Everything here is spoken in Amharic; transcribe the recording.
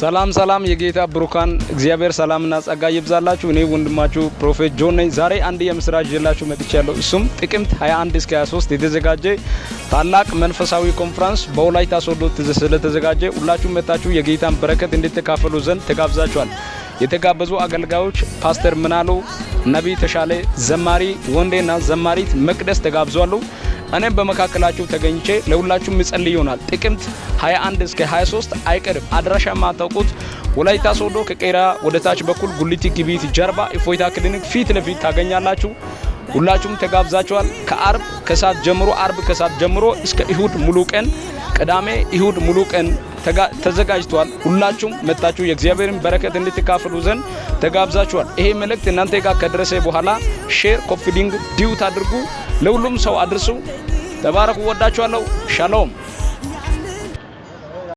ሰላም ሰላም የጌታ ብሩካን እግዚአብሔር ሰላምና ጸጋ ይብዛላችሁ። እኔ ወንድማችሁ ፕሮፌት ጆን ነኝ። ዛሬ አንድ የምስራች ይዤላችሁ መጥቻለሁ። እሱም ጥቅምት 21 እስከ 23 የተዘጋጀ ታላቅ መንፈሳዊ ኮንፈረንስ በወላይታ ሶዶ ስለተዘጋጀ ሁላችሁም መታችሁ የጌታን በረከት እንድትካፈሉ ዘንድ ተጋብዛችኋል። የተጋበዙ አገልጋዮች ፓስተር ምናሉ፣ ነቢይ ተሻለ፣ ዘማሪ ወንዴና ዘማሪት መቅደስ ተጋብዟሉ። እኔም በመካከላችሁ ተገኝቼ ለሁላችሁም ምጸልይ ይሆናል። ጥቅምት 21 እስከ 23 አይቀርም። አድራሻ የማታውቁት ወላይታ ሶዶ ከቄራ ወደታች በኩል ጉሊቲ ግቢት ጀርባ እፎይታ ክሊኒክ ፊት ለፊት ታገኛላችሁ። ሁላችሁም ተጋብዛችኋል። ከአርብ ከሰዓት ጀምሮ አርብ ከሰዓት ጀምሮ እስከ እሁድ ሙሉ ቀን፣ ቅዳሜ እሁድ ሙሉ ቀን ተዘጋጅቷል። ሁላችሁም መጣችሁ የእግዚአብሔርን በረከት እንድትካፍሉ ዘንድ ተጋብዛችኋል። ይሄ መልእክት እናንተ ጋር ከደረሰ በኋላ ሼር፣ ኮፒ ዲዩት አድርጉ። ለሁሉም ሰው አድርሱ። ተባረኩ። ወዳችኋለሁ። ሻሎም